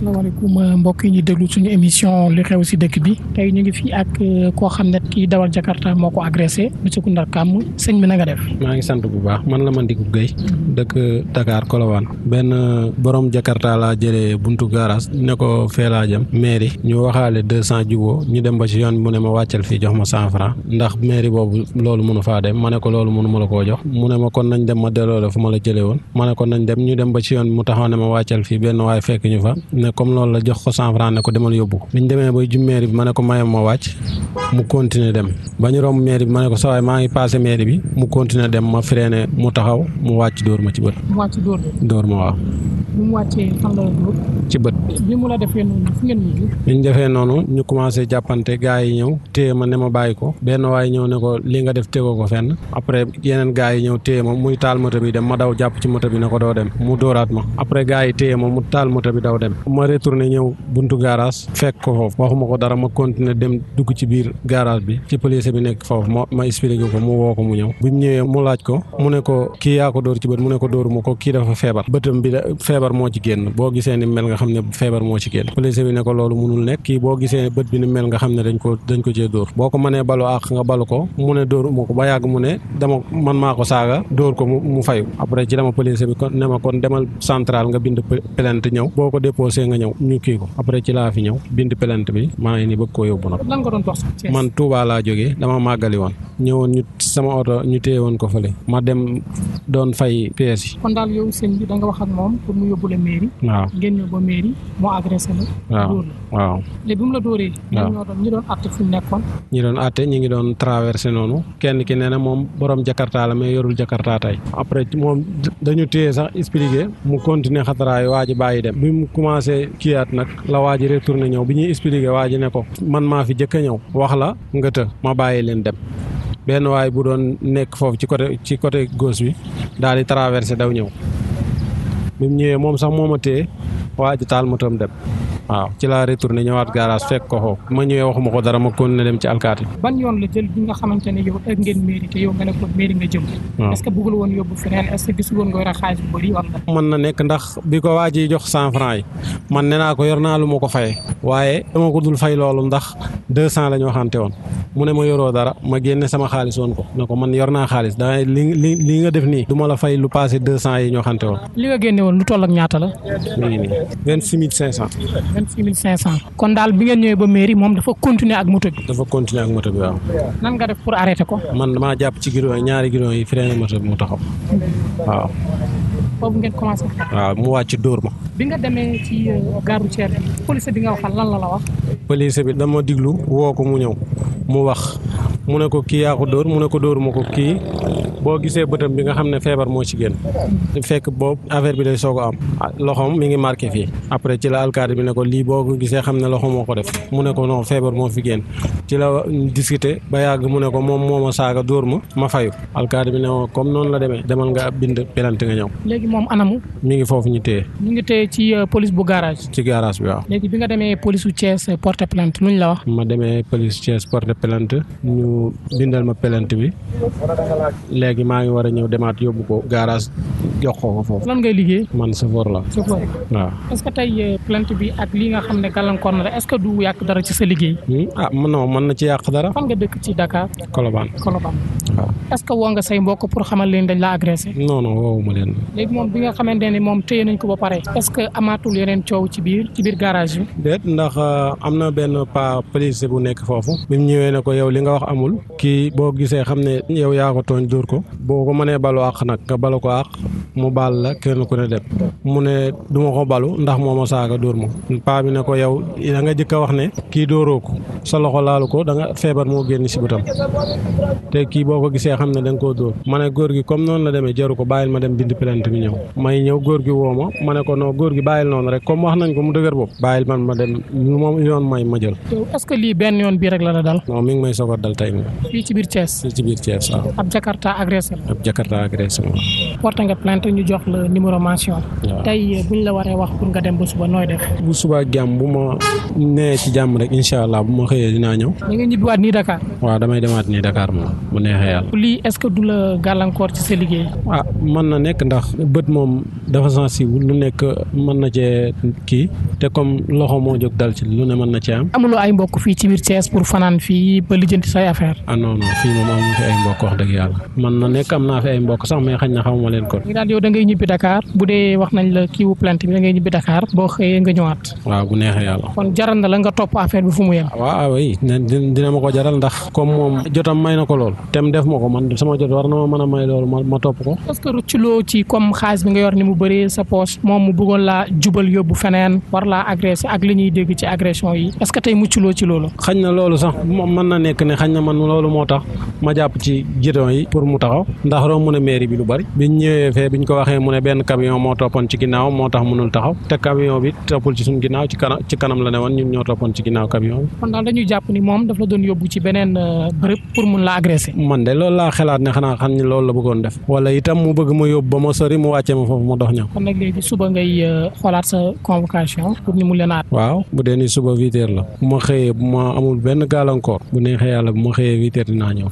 asalaamaaleykum euh, mbokk yi ñu déglu suñu émission li xew si dëkk bi tey ñu ngi ak euh, koo xam ne kii dawal Jakarta moo ko agressé monsieur Kounda Kam sëñ bi na nga def. maa ngi sant bu baax man la dëkk Dakar benn euh, borom Jakarta laa jëlee buntu garas ne ko fee laa jëm mairie ñu waxaale deux cent jubóo ñu dem ba si yoon mu ne ma wàccal fii jox ma cent franc ndax boobu loolu mënu faa dem ma ne ko loolu mënu ma la koo jox mu ne ma kon nañ dem ma delloo la fu ma la jëlee woon ma ne ko nañ dem ñu dem ba yoon mu taxaw ne ma wàccal fii benn fekk ñu fa ne ne comme loolu la jox ko cent franc ne ko demal yóbbu biñ demee ba jub mairie bi ma ne ko mayam ma wàcc mu continuer dem ba ñu romb mairie bi ma ne ko sawaay maa ngi passé mairie bi mu continuer dem ma ne mu taxaw mu wàcc dóor ma ci bët. mu dóor ma waaw. bi mu wàccee fan la ci bët. bi mu la defee noonu ñu defee noonu ñu commencé jàppante gars yi ñëw téye ma ne ma bàyyi ko benn waay ñëw ne ko li nga def tegoo ko fenn après yeneen gars yi ñëw téye ma muy taal moto bi dem ma daw jàpp ci moto bi ne ko doo dem mu dóoraat ma après gars yi téye ma mu taal moto bi daw dem ma retourné ñëw buntu garage fekk ko foofu waxuma ko dara ma continué dem dugg ci biir garage bi ci police bi nekk foofu ma ma expliqué ko mu woo ko mu ñëw bu mu ñëwee mu laaj ko mu ne ko kii yaa ko dóor ci bët mu ne ko dóoruma ko kii dafa feebar moo ci génn boo gisee ni mel nga xam ne feebar moo boo ko dañ ko cee dóor boo ko mënee balu àq nga balu ma ko ba yàgg mu ne dama man maa ko saaga dóor ko mu fayu après ci dama policier bi ne ma kon demal central nga bind plainte ñëw boo ko déposé nga ñëw ñu kii ko après ci laa fi ñëw bind plainte bi maa ngi ni bëgg koo yóbbu nag man Touba laa dama màggali woon ñëwoon ñu sama oto ñu téye woon ko fële ma dem doon fay pièces yi yóbbu la mairie. waaw ngeen ñëw ba mairie moo la. waaw dóor la mu la dóoree. waaw doon ñi doon àtte ñi ngi doon traversé noonu. kenn ki nee na moom borom Jakarta la may yorul Jakarta tey. après moom dañu téye sax expliqué mu continuer xataraayu waa ji bàyyi dem. bi mu commencé kiiyaat nag la waa ji retourné ñëw bi ñuy expliqué waa ji ne ko man maa fi jëkk a ñëw wax la nga të ma bàyyi leen dem. benn waay bu doon nekk foofu ci côté ci côté gauche bi daal di traversé daw ñëw bi mu ñëwee moom sax moo ma téye waa ji taal motoom dem. waaw ci laa retourné ñëwaat garage fekk ko xoo ma ñëwee waxuma ko dara ma kon ne dem ci alkaati ban yoon la jël bi nga xamante ne yow ak ngeen mairie te yow nga que bëggul woon mën na nekk ndax bi ko waa ji jox cent franc yi man ne naa ko yor naa lu ma ko fayee waaye dama ko dul fay loolu ndax deux cent la ñu waxante woon mu ne ma yoroo dara ma génne sama xaalis woon ko ne ko man yor naa xaalis da li li li nga def nii du ma la fay lu passé deux cent yi ñu waxante woon li nga génne woon lu toll ak ñaata la mi cent vingt-six mille cinq kon daal bi ngeen ñëwee ba mairie moom dafa continuer ak moto bi dafa continuer ak moto bi waaw nan nga def pour arrêter ko man damaa jàpp ci guidon yi ñaari guidon yi freiné moto bi mu taxaw waaw boobu ngeen commencé waaw mu wàcc dóor ma bi nga demee ci euh, gare routière bi police bi nga waxal lan la la wax police bi dama diglu woo ko mu ñëw mu wax mu ne ko kii yaa ko dóor mu ne ko dóor ma ko kii boo gisee bëtam bi nga xam ne feebar moo ci génn fekk boobu affaire bi day soog a am ah, loxoom mi ngi marqué fii après ci la alkaati bi ne ko lii boo ko gisee xam ne loxo moo ko def mu ne ko non feebar moo fi génn ci la discuter ba yàgg mu ne ko moom moo ma saaga dóor ma ma fayu alkaati bi ne ko noonu la demee demal nga bind pelante nga ñëw léegi moom anamu mi ngi foofu ñu téye ñu ngi téye ci euh, police bu garage ci garage bi waaw léegi bi nga demee police u Thiès euh, porte plainte luñ la wax ma demee police Thiès porte plainte ñu bindal ma plainte bi léegi maa ngi war a ñëw demaat yóbbu ko garage jox ko ko foofu. lan ngay liggéey. man chauffeur la. chauffeur waaw. est-ce que tey euh, plainte bi ak lii nga xam la est-ce que du yàq dara ci sa liggéey. Hmm? ah non mën na ci yàq dara. fan ba pare. est-ce que amaatul yeneen coow ci biir ci biir garage bi. déet ndax euh, am na mu ñëwee ne ko yow li nga wax amul. kii boo gisee xam ne yow yaa ko tooñ dóor ko boo ko mënee balo àq nag nga balu ko àq mu bal la kenn ku ne dem mu ne duma ko balu ndax moma saga dor dóor pa paa bi ne ko yow da nga jikko wax ne ki dóoroo ko sa loxo laalu ko da nga febar mo genn ci butam te ki boko gisee xam ne da nga koo dóor ma gi comme non la demee jaru ko ma dem bind plante mi ñew may ñew gor gi woma mané ko non gor gi bayil non rek comme wax nañ ko mu bop bayil man ma dem lu yoon may ma jël est-ce que lii ben yoon bi rek la la dal non mi ngi may sogo dal tay fii ci bir Thiès ci bir Thiès ab Jakarta ab Jakarta warta nga plante waxtu ñu jox la numéro mention tay euh, buñ la waré wax pour nga dem bu suba noy def bu suba jam bu ma né ci jam rek inshallah bu ma xeyé dina ñew ñi nga ñibi wat ni dakar wa damay demat ni dakar mo bu nexé yalla li est ce que du la galancor ci sa liggéey ah man na nek ndax beut mom dafa sensible lu nek man na ci ki té comme loxo mo jog dal ci lu ne man na ci am amulo ay mbokk fi ci bir ties pour fanan fi ba lijeenti say affaire ah non non fi mom amu fi ay mbokk wax deug yalla man na nek amna fi ay mbokk sax mais xagn na xamuma len ko radio da ngay ñibbi Dakar bu dee wax nañ la kiiwu plante bi da ngay ñibbi Dakar boo xëyee nga ñëwaat. waaw bu neexee yàlla. kon jaral na la nga topp affaire bi fu mu yem. waaw oui dina ma ko jaral ndax comme moom jotam may na ko lool tem def ma ko man sama jot war na ma mën a may lool ma topp ko. parce que rucculoo ci comme xaalis bi nga yor ni mu bëree sa poche moom mu bëggoon laa jubal yóbbu feneen war laa agressé ak li ñuy dégg ci agression yi est ce que tey mucculoo ci loolu. xañ na loolu sax mën na nekk ne xañ na man loolu moo tax ma jàpp ci giron yi pour mu taxaw ndax romb na mairie bi lu bari biñ ñëwee fee ñu ko waxee mu ne benn camion moo toppoon ci ginnaaw moo tax mënul taxaw te camion bi toppul ci suñu ginnaaw ci kanam ci kanam la ne woon ñun ñoo toppoon ci ginnaaw camion bi. kon daal dañuy jàpp ni moom dafa la doon yóbbu ci beneen euh, bërëb pour mun la agressé. man de loolu laa xalaat ne xanaa xam ni loolu la bëggoon def. wala itam mu bëgg ma yóbbu ba ma sori mu wàccee ma foofu ma dox ñëw. kon nag léegi suba ngay euh, xoolaat sa convocation pour ñu mun leen aat. waaw bu dee ni suba huit la bu xëyee ma amul benn gàllankoor bu neexee yàlla bu xëyee huit heures dinaa ñëw